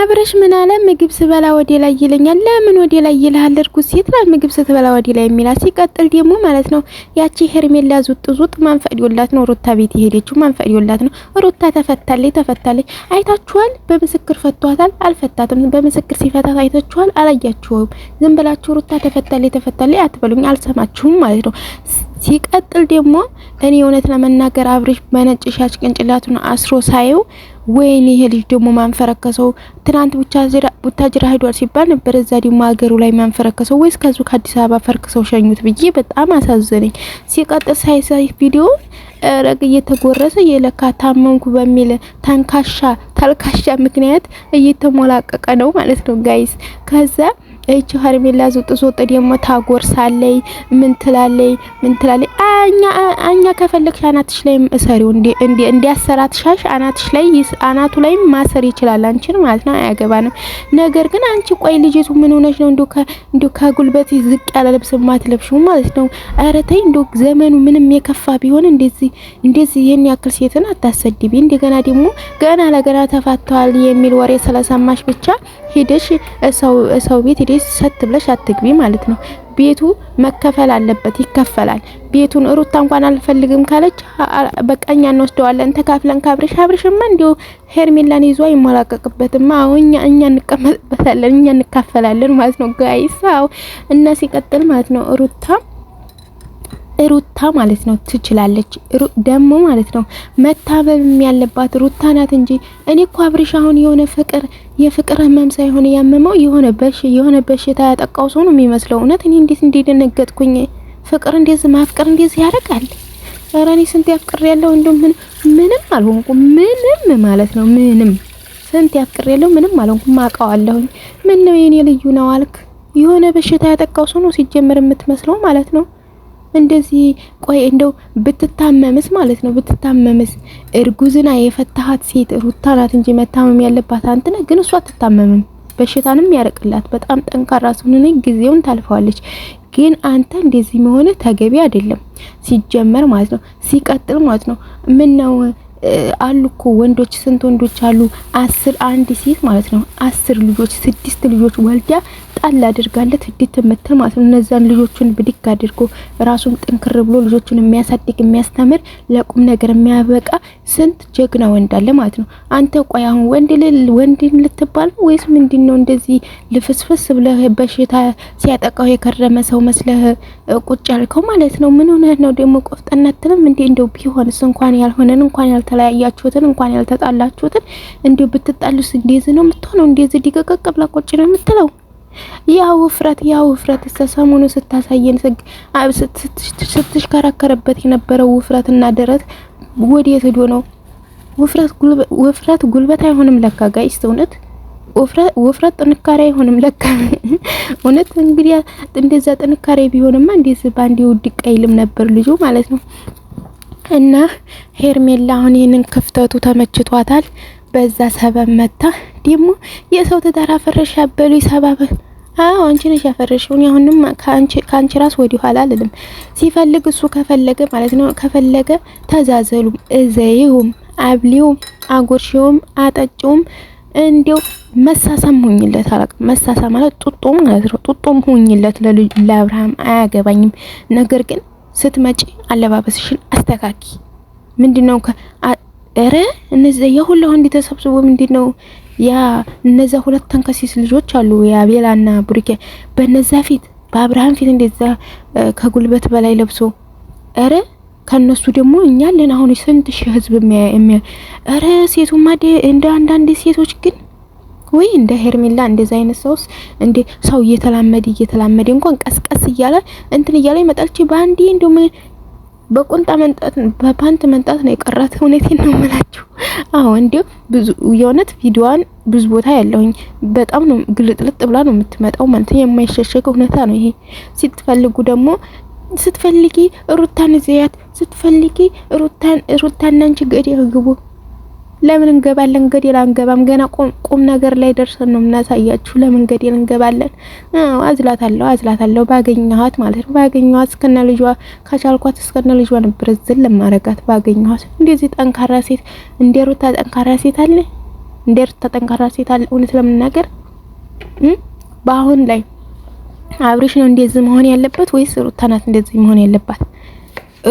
አብረሽ ምን አለ ምግብ ስበላ ወደ ላይ ይለኛል። ለምን ወደ ላይ ይልሃል? እርጉዝ ሴት ናት ምግብ ስትበላ ወደ ላይ የሚላት። ሲቀጥል ደግሞ ማለት ነው ያቺ ሄርሜላ ዙጥ ዙጥ ማንፈቅዶላት ነው ሩታ ቤት የሄደችው ማንፈቅዶላት ነው። ሩታ ተፈታለች፣ ተፈታለች። አይታችኋል? በምስክር ፈቷታል፣ አልፈታትም። በምስክር ሲፈታት አይታችኋል? አላያችሁም? ዝም ብላችሁ ሩታ ተፈታለች፣ ተፈታለች አትበሉኝ፣ አልሰማችሁም ማለት ነው። ሲቀጥል ደግሞ እኔ እውነት ለመናገር አብሬሽ በነጭ ሻጭ ቅንጭላቱን አስሮ ሳየው ወይኔ ይሄ ልጅ ደግሞ ማንፈረከሰው ትናንት ብቻ ቡታጅራ ሄዷል ሲባል ነበር። እዛ ደግሞ ሀገሩ ላይ ማንፈረከሰው ወይስ ከዚሁ ከአዲስ አበባ ፈርክሰው ሸኙት ብዬ በጣም አሳዘነኝ። ሲቀጥል ሳይሳይ ቪዲዮ ረግ እየተጎረሰ የለካ ታመንኩ በሚል ታንካሻ ታልካሻ ምክንያት እየተሞላቀቀ ነው ማለት ነው ጋይስ ከዛ እቺ ሀርሜላ ዝውጥ ዝውጥ ደግሞ ታጎርሳለይ ምን ትላለይ ምን ትላለይ። አኛ አኛ ከፈለግሽ አናትሽ ላይ እሰሪው እንዴ እንዴ እንዲያሰራት ሻሽ አናትሽ ላይ አናቱ ላይ ማሰር ይችላል አንቺን ማለት ነው። አያገባንም። ነገር ግን አንቺ ቆይ ልጅቱ ምን ሆነሽ ነው እንዴ ከእንዴ ከጉልበት ዝቅ ያለ ልብስ ማትለብሽው ማለት ነው። ኧረ ተይ እንዴ ዘመኑ ምንም የከፋ ቢሆን እንደዚህ እንደዚህ ይሄን ያክል ሴትን አታሰድቢ። እንደገና ደግሞ ገና ለገና ተፋቷል የሚል ወሬ ስለሰማሽ ብቻ ሂደሽ ሰው ሰው ቤት ሂደሽ ቤት ሰት ብለሽ አትግቢ ማለት ነው። ቤቱ መከፈል አለበት፣ ይከፈላል። ቤቱን ሩታ እንኳን አልፈልግም ካለች በቃኛ እንወስደዋለን ተካፍለን ካብሬሽ አብሬሽማ እንዲሁ ሄርሜላን ይዞ አይሞላቀቅበትም። አዎ እኛ እኛ እንቀመጥበታለን፣ እኛ እንካፈላለን ማለት ነው። ጋይሳው እና ሲቀጥል ማለት ነው ሩታ ሩታ ማለት ነው ትችላለች። ደግሞ ማለት ነው መታበብም ያለባት ሩታ ናት እንጂ እኔ እኮ አብርሽ አሁን የሆነ ፍቅር የፍቅር ህመም ሳይሆን ያመመው የሆነ በሽ የሆነ በሽታ ያጠቃው ሰው ነው የሚመስለው። እውነት እኔ እንዴት እንደደነገጥኩኝ። ፍቅር እንዴት ማፍቀር እንዴት ያደርጋል? ኧረ እኔ ስንት ያፍቅር ያለው እንደው ምን ምንም አልሆንኩም። ምንም ማለት ነው ምንም ስንት ያፍቅር ያለው ምንም አልሆንኩም። አውቀዋለሁኝ። ምን ነው የኔ ልዩ ነው አልክ። የሆነ በሽታ ያጠቃው ሰው ነው ሲጀምር የምትመስለው ማለት ነው። እንደዚህ ቆይ እንደው ብትታመምስ ማለት ነው ብትታመምስ እርጉዝና የፈታሃት ሴት ሩታ ናት እንጂ መታመም ያለባት አንተ ነህ። ግን እሷ አትታመምም፣ በሽታንም ያርቅላት። በጣም ጠንካራ ስለሆነ ጊዜውን ታልፈዋለች። ግን አንተ እንደዚህ መሆነ ተገቢ አይደለም ሲጀመር ማለት ነው ሲቀጥል ማለት ነው ምን ነው አሉ እኮ ወንዶች ስንት ወንዶች አሉ። አስር አንድ ሴት ማለት ነው አስር ልጆች ስድስት ልጆች ወልዳ ጣል አድርጋለት እድት የምትል ማለት ነው። እነዛን ልጆቹን ብድግ አድርጎ ራሱን ጥንክር ብሎ ልጆቹን የሚያሳድግ የሚያስተምር ለቁም ነገር የሚያበቃ ስንት ጀግና ወንድ አለ ማለት ነው። አንተ ቆይ አሁን ወንድ ልል ወንድ ልትባል ነው ወይስ ምንድን ነው? እንደዚህ ልፍስፍስ ብለህ በሽታ ሲያጠቃው የከረመ ሰው መስለህ ቁጭ ያልከው ማለት ነው። ምን ሆነህ ነው ደግሞ? ቆፍጠና አትልም እንዴ? እንደው ቢሆንስ እንኳን ያልሆነን እንኳን ያልተለያያችሁትን እንኳን ያልተጣላችሁትን እንዴ ብትጣሉስ እንደዚህ ነው የምትሆነው? እንደዚህ ዲቀቀቅ ብላ ቁጭ ነው የምትለው? ያ ውፍረት ያ ውፍረት ሰሞኑ ስታሳየን ስትሽከረከረበት የነበረው ውፍረትና ደረት ወዴት ሄዶ ነው? ውፍረት ጉልበት ጉልበት አይሆንም ለካ ጋይስ እውነት ወፍረት ጥንካሬ አይሆንም ለካ እውነት። እንግዲህ እንደዛ ጥንካሬ ቢሆንማ እንደዚህ ባንዴ ውድቅ አይልም ነበር ልጁ ማለት ነው። እና ሄርሜላ አሁን ይህንን ክፍተቱ ተመችቷታል። በዛ ሰበብ መታ ደግሞ የሰው ትዳር አፈረሻ በሉ ሰበብ አዎ አንቺ ነሽ ያፈረሽው። እኔ አሁንም ካንቺ ካንቺ ራስ ወዲህ ኋላ አልልም። ሲፈልግ እሱ ከፈለገ ማለት ነው ከፈለገ ተዛዘሉም፣ እዘይውም፣ አብሊውም፣ አጎርሽውም፣ አጠጪውም እንዲው መሳሳም ሁኝለት አላቅ መሳሳ ማለት ጡጦ ማለት ነው። ጡጦም ሁኝለት ለአብርሃም አያገባኝም። ነገር ግን ስትመጪ አለባበስሽን አስተካኪ ምንድነው ኧረ እነዚያ የሁሉ አንድ ተሰብስቦ ምንድን ነው ያ እነዛ ሁለት ተንከሲስ ልጆች አሉ የአቤላና ቡሪኬ በነዛ ፊት በአብርሃም ፊት እንደዛ ከጉልበት በላይ ለብሶ ረ ከነሱ ደግሞ እኛ ለን አሁን ስንት ሺህ ህዝብ የሚያ ሴቱማ እንደ አንዳንድ ሴቶች ግን ወይ እንደ ሄርሜላ እንደዛ አይነት ሰውስ ሰው እየተላመደ እየተላመደ እንኳን ቀስቀስ እያለ እንትን እያለ ይመጣልች በአንዴ እንደውም በቁንጣ መንጣት በፓንት መንጣት ነው የቀራት። እውነቴን ነው የምላችሁ። አዎ እንዲሁ ብዙ የእውነት ቪዲዮዋን ብዙ ቦታ ያለውኝ በጣም ነው ግልጥልጥ ብላ ነው የምትመጣው ማለት የማይሸሸግ እውነታ ነው ይሄ። ስትፈልጉ ደግሞ ስትፈልጊ ሩታን ዘያት ስትፈልጊ ሩታን ሩታን አንቺ ገዴ ግቡ ለምን እንገባለን? ገደል አንገባም። ገና ቁም ነገር ላይ ደርሰን ነው የምናሳያችሁ። ለምን ገደል እንገባለን? አዎ አዝላታለሁ፣ አዝላታለሁ ባገኘኋት ማለት ነው። ባገኘኋት እስከነ ልጇ ከቻልኳት እስከነ ልጇ ነበር ዝል ለማረጋት ባገኘኋት። እንደዚህ ጠንካራ ሴት እንደ ሩታ ጠንካራ ሴት አለ፣ እንደ ሩታ ጠንካራ ሴት አለ። እውነት ለምናገር በአሁን ላይ አብሪሽ ነው እንደዚህ መሆን ያለበት ወይስ ሩታ ናት እንደዚህ መሆን ያለባት?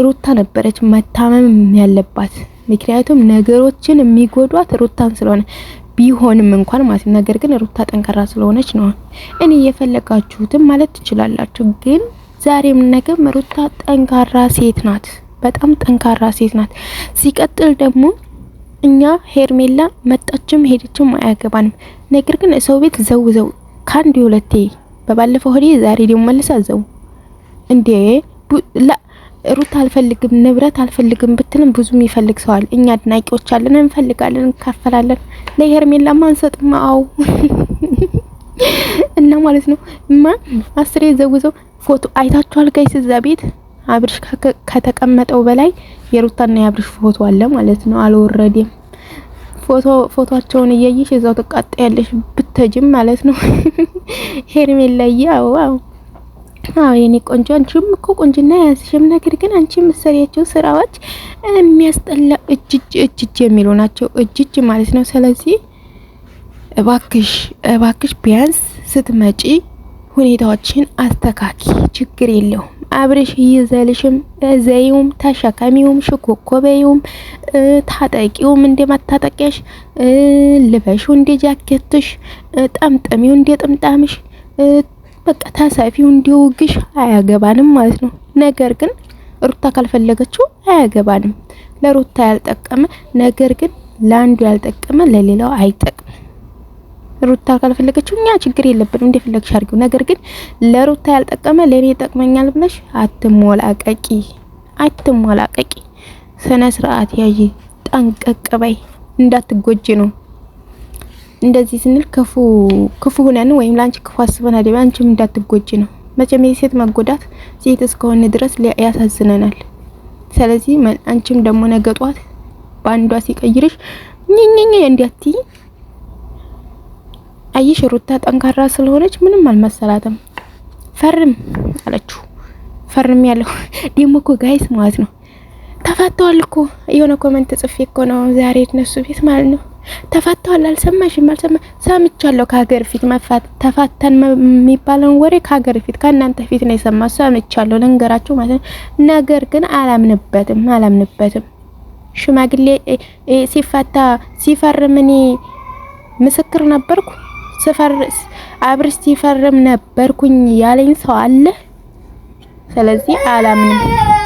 ሩታ ነበረች መታመም ያለባት። ምክንያቱም ነገሮችን የሚጎዷት ሩታን ስለሆነ ቢሆንም እንኳን ማለት ነገር ግን ሩታ ጠንካራ ስለሆነች ነው። እኔ የፈለጋችሁትም ማለት ትችላላችሁ፣ ግን ዛሬም ነገም ሩታ ጠንካራ ሴት ናት። በጣም ጠንካራ ሴት ናት። ሲቀጥል ደግሞ እኛ ሄርሜላ መጣችም ሄደችም አያገባንም። ነገር ግን ሰው ቤት ዘው ዘው ከአንድ ሁለቴ፣ በባለፈው ሆዴ ዛሬ ደግሞ መልሳ ዘው እንዴ ላ ሩት አልፈልግም ንብረት አልፈልግም ብትልም ብዙ የሚፈልግ ሰዋል። እኛ አድናቂዎች አለን፣ እንፈልጋለን፣ እንካፈላለን። ለሄርሜላማ አንሰጥም። አዎ እና ማለት ነው እማ አስሬ ዘውዘው ፎቶ አይታችኋል ጋይስ። እዛ ቤት አብርሽ ከተቀመጠው በላይ የሩታና የአብርሽ ፎቶ አለ ማለት ነው። አልወረደም። ፎቶ ፎቶአቸውን እያየሽ እዛው ተቃጣ ያለሽ ብተጅም ማለት ነው ሄርሜላዬ። አዎ አዎ አዎ የኔ ቆንጆ አንቺም እኮ ቆንጅና ያዝሽም፣ ነገር ግን አንቺ የምትሰሪያቸው ስራዎች የሚያስጠላ እጅጅ እጅጅ የሚሉ ናቸው። እጅጅ ማለት ነው። ስለዚህ እባክሽ እባክሽ ቢያንስ ስትመጪ ሁኔታዎችን አስተካኪ። ችግር የለውም አብረሽ ይዘልሽም ዘይውም ተሸከሚውም ሽኮኮበይውም ታጠቂውም እንደ ማታጠቂያሽ ልበሽው እንደ ጃኬትሽ ጠምጠሚው እንደ ጥምጣምሽ በቃ ተሳፊው እንዲወግሽ አያገባንም ማለት ነው። ነገር ግን ሩታ ካልፈለገችው አያገባንም። ለሩታ ያልጠቀመ ነገር ግን ለአንዱ ያልጠቀመ ለሌላው አይጠቅም። ሩታ ካልፈለገችው እኛ ችግር የለብንም፣ እንደፈለግሽ አድርጊው። ነገር ግን ለሩታ ያልጠቀመ ለኔ ይጠቅመኛል ብለሽ አትሞላቀቂ፣ አትሞላቀቂ። ስነ ስርዓት ያይ፣ ጠንቀቅ በይ፣ እንዳትጎጂ ነው እንደዚህ ስንል ክፉ ክፉ ሆነን ወይም ላንቺ ክፉ አስበን አይደለም፣ አንቺም እንዳትጎጂ ነው። መቼም የሴት መጎዳት ሴት እስከሆነ ድረስ ያሳዝነናል። ስለዚህ አንቺም ደግሞ ነገ ጧት በአንዷ ሲቀይርሽ ኝኝኝ እንዲያትይ አይሽ። ሩታ ጠንካራ ስለሆነች ምንም አልመሰላትም። ፈርም አለችው። ፈርም ያለው ደግሞ እኮ ጋይስ ማለት ነው ተፋተዋል እኮ የሆነ ኮመንት ጽፌ እኮ ነው ዛሬ እነሱ ቤት ማለት ነው ተፋተዋል። አልሰማሽም? አልሰማ ሰምቻለሁ። ከሀገር ፊት መፋት ተፋተን የሚባለውን ወሬ ከሀገር ፊት ከእናንተ ፊት ነው የሰማ ሰምቻለሁ። ልንገራችሁ ማለት ነገር ግን አላምንበትም፣ አላምንበትም። ሽማግሌ ሲፋታ ሲፈርም እኔ ምስክር ነበርኩ። ስፈርስ አብርስ ሲፈርም ነበርኩኝ ያለኝ ሰው አለ። ስለዚህ አላምንም።